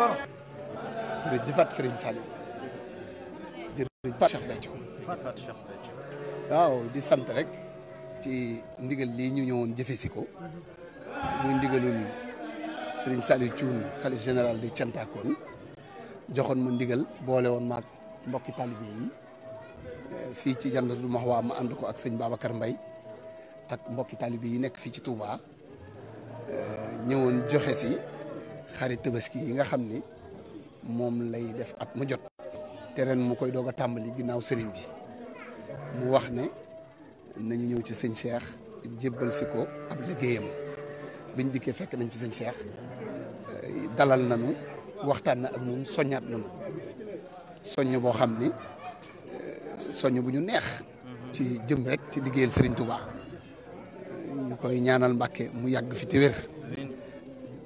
Baro. jërëjëfaat Serigne Saliou jërëjëfaat waaw di sant rek ci ndigal lii ñu ñëwoon jëfe si ko muy ndigalul Serigne Saliou Thioune xalif général de Thiantakoon joxoon ma ndigal boole woon maag mbokki taalibe yi eh, fii ci Jannatul Mahwa ma ànd ko ak sëñ Babacar mbay ak mbokki taalibe yi nekk fii ci tuuba eh, ñëwoon joxe si xari tabaski yi nga xam ni moom lay def at mu jot te ren mu koy doog a tàmbali ginnaaw sëriñ bi mu wax ne nañu ñëw ci sëñ Cheikh jébbal si ko ab liggéeyam biñ dikkee fekk nañ fi sëñ Cheikh dalal nañu waxtaan na ak ñun soññaat nañu soññ boo xam ni soññ bu ñu neex ci jëm rek ci liggéeyal sëriñ Touba ñu koy ñaanal Mbàkke mu yàgg fi te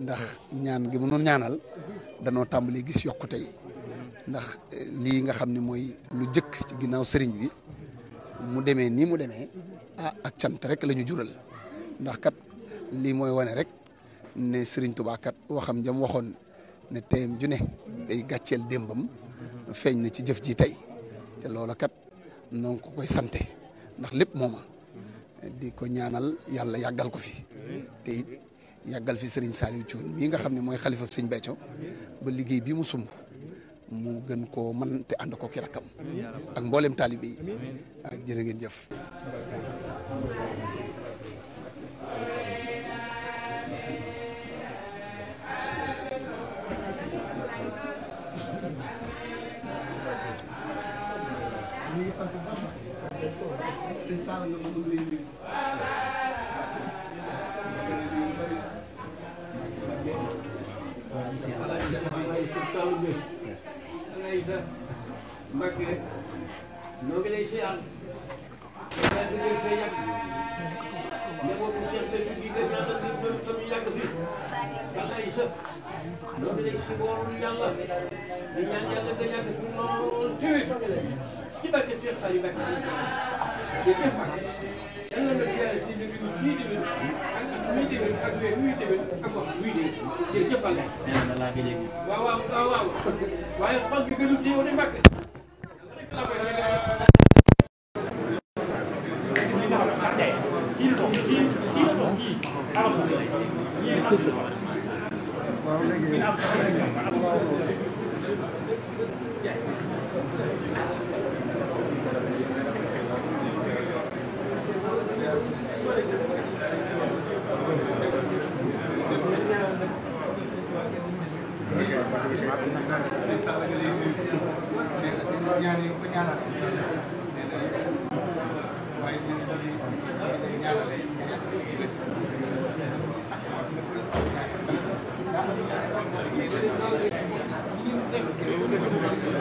ndax ñaan gi mu noon ñaanal danoo tàmbalee gis yokkute yi ndax eh, lii nga xam ni mooy lu jëkk ci ginnaaw sëriñ bi mu demee nii mu demee ah, ak cant rek la jural ndax kat lii mooy wane rek ne sëriñ tubaakat kat waxam jam waxoon ne teyam ju ne day gàcceel démbam feeñ na ci jëf ji tey te loola kat noo ko koy sante ndax lépp mooma di ko ñaanal yàlla yàggal ko fi te it yàggal fi Serigne Saliou Thioune mii nga xam ne mooy xalifa Serigne Béthio ba liggéey bi mu sumb mu gën koo man te ànd ko ki rakkam ak mboolem taalibe yi ak jërë ngeen jëf. sant kaldı. Neyse. Bak Logileşi an. Ben de bir şey yapmıyorum. Ne bu uçakta şu gidip yanında bir bölüm tutamayacak kızı. Kasa işi. Logileşi bu oğlum yanla. Dünyanın yanında da yakın. Bunlar oğlum tüy. Kime tetiyor sayı bekliyor. Tetiyor bak. En önemli şey. Şimdi bir uçuydu. muy déwén ak weer muy déwén ak wax muy déwén jërëjëf Balla. nee na da laa gëj a gis. waaw waaw waaw waaw waaye xol bi gënul ci yow de Mbacke.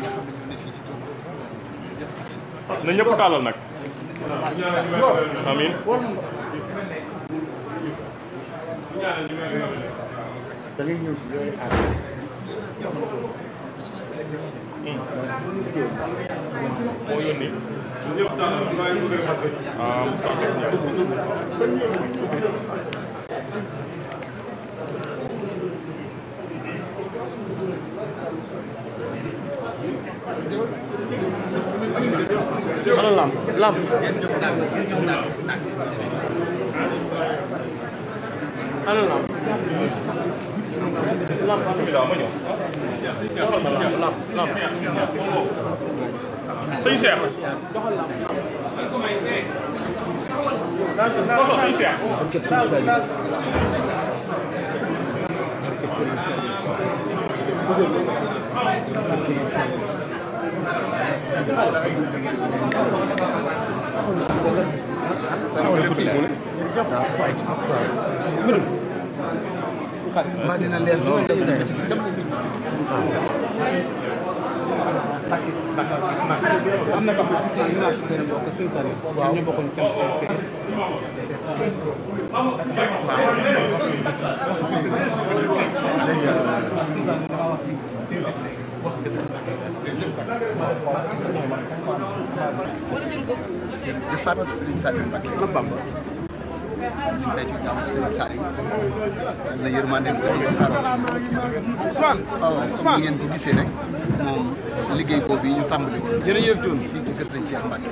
nga xamante ne fii ci tool Ano lam? Lam. Ano lam? Lam. Lam. Lam. Sei certo. Posso sei certo? Thank you. m a a s am na b o k k u r a di fàttali Serigne Saliou Mbacké Bamba Serigne Béthio jàmm Serigne Saliou la yërmandeem ko di wasaaroo ci waaw ngeen ko gisee rek moom liggéey boobu yi ñu tàmbali ko fii ci kër Serigne Cheikh Mbacké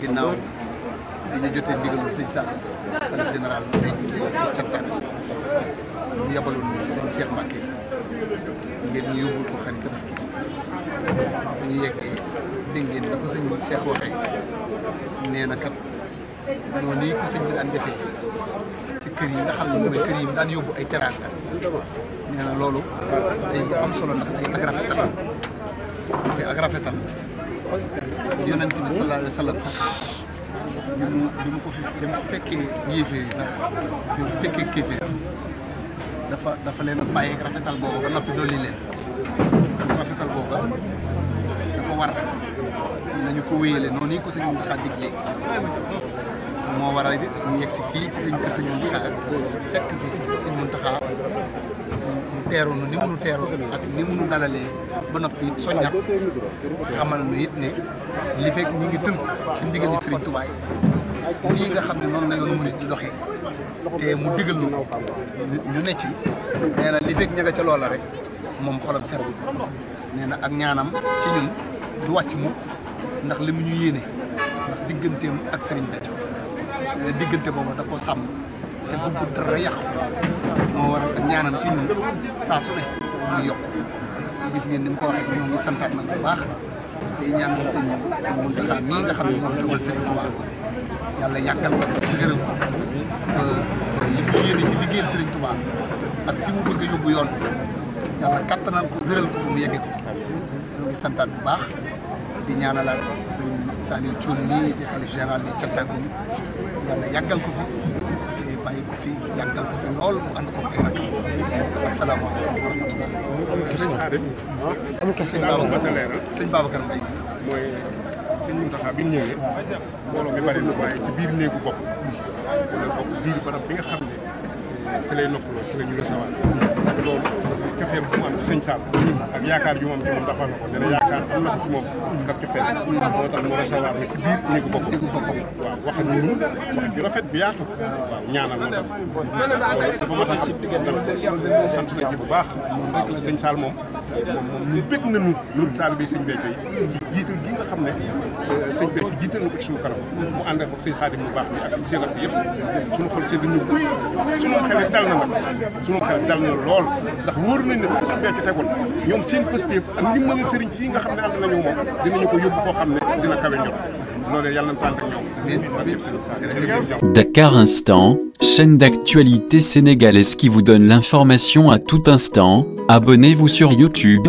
ginnaaw bi ñu jotee ndigalul Serigne Saliou xalifa général bi ñu yabaloon ñu ci sëñ Cheikh Mbacke ngeen ñu yóbbul ko xarit tabaski bu ñu yeggee dégg ngeen ni ko sëñ Cheikh waxee nee na kat noonu nii ko sëñ bi daan defee ci kër yi nga xam ne mooy kër yi daan yóbbu ay teraanga nee na loolu day lu am solo ndax day ak rafetal te ak rafetal yonent bi sallallahu alayhi wa sallam sax bi mu bi mu ko fi bi mu fekkee yéeféer yi sax bi mu fekkee kéeféer dafa dafa leen a bàyyeeg rafetal boobu ba noppi dolli leen rafetal booba dafa war nañu ko wéyale noonu yi ko sëñ Mountakha digle moo waral ñu yegg si fii ci sëñ kër sëñ Mountakha fekk mu teeru nu ni mu nu teeru ak ni mu nu ba noppi it soññat xamal nu it ne li fekk ñu ngi tënk ci ndigali Serigne Touba lii nga xam ne noonu la yoonu murit di doxee te mu digal ñu ñu ne ci nee na li fekk ña nga ca loola rek moom xolam set na nee na ak ñaanam ci ñun du wàcc mu ndax li mu ñu yéene ndax digganteem ak sëriñ Béthio nee diggante boobu da koo sàmm te bëggu dara yàqu moo waral ak ñaanam ci ñun saa su muy yokk gis ngeen ni mu ko waxee ñoo santaat nag bu baax tey ñaanal sëñ sëñ Mountakha mii nga xam ne moo fi jógal sëñ Touba yàlla yàggal ko fi mu bëgg a yóbbu yoon yàlla kattanal ko wéral ko mu yegge ko ñoo ngi santaat bu baax di ñaanalaat sëñ Saliou Thioune mii di xalif général di Thiantagoum yàlla yàggal ko fi te bàyyi ko fi yàggal ko fi lool mu ànd ko ay asalaamaaleykum wa rahmatulah. am question amul question. Babacar Mbaye mooy sëñ Mountakha bi ñu ñëwee. mbooloo mi bari na waaye ci biir néegu bopp. biir barab bi nga xam ne. fi lay noppaloo fi la ñu loolu. cofeel bu mu am ci sëñ Saal ak yaakaar ju mu am ci moom dafa na ko dana yaakaar am na ko ci moom ak cofeel moo tax mu recevoir na ci yaatu ñaanal ma tam dafa ma tax si diggante sant nañ ci bu baax waaw sëñ Saal moom moom mu bëgg nañu ñun taalibe sëñ Béthio yi Dakar Instant chaîne d'actualité sénégalaise qui vous donne l'information à tout instant abonnez-vous sur YouTube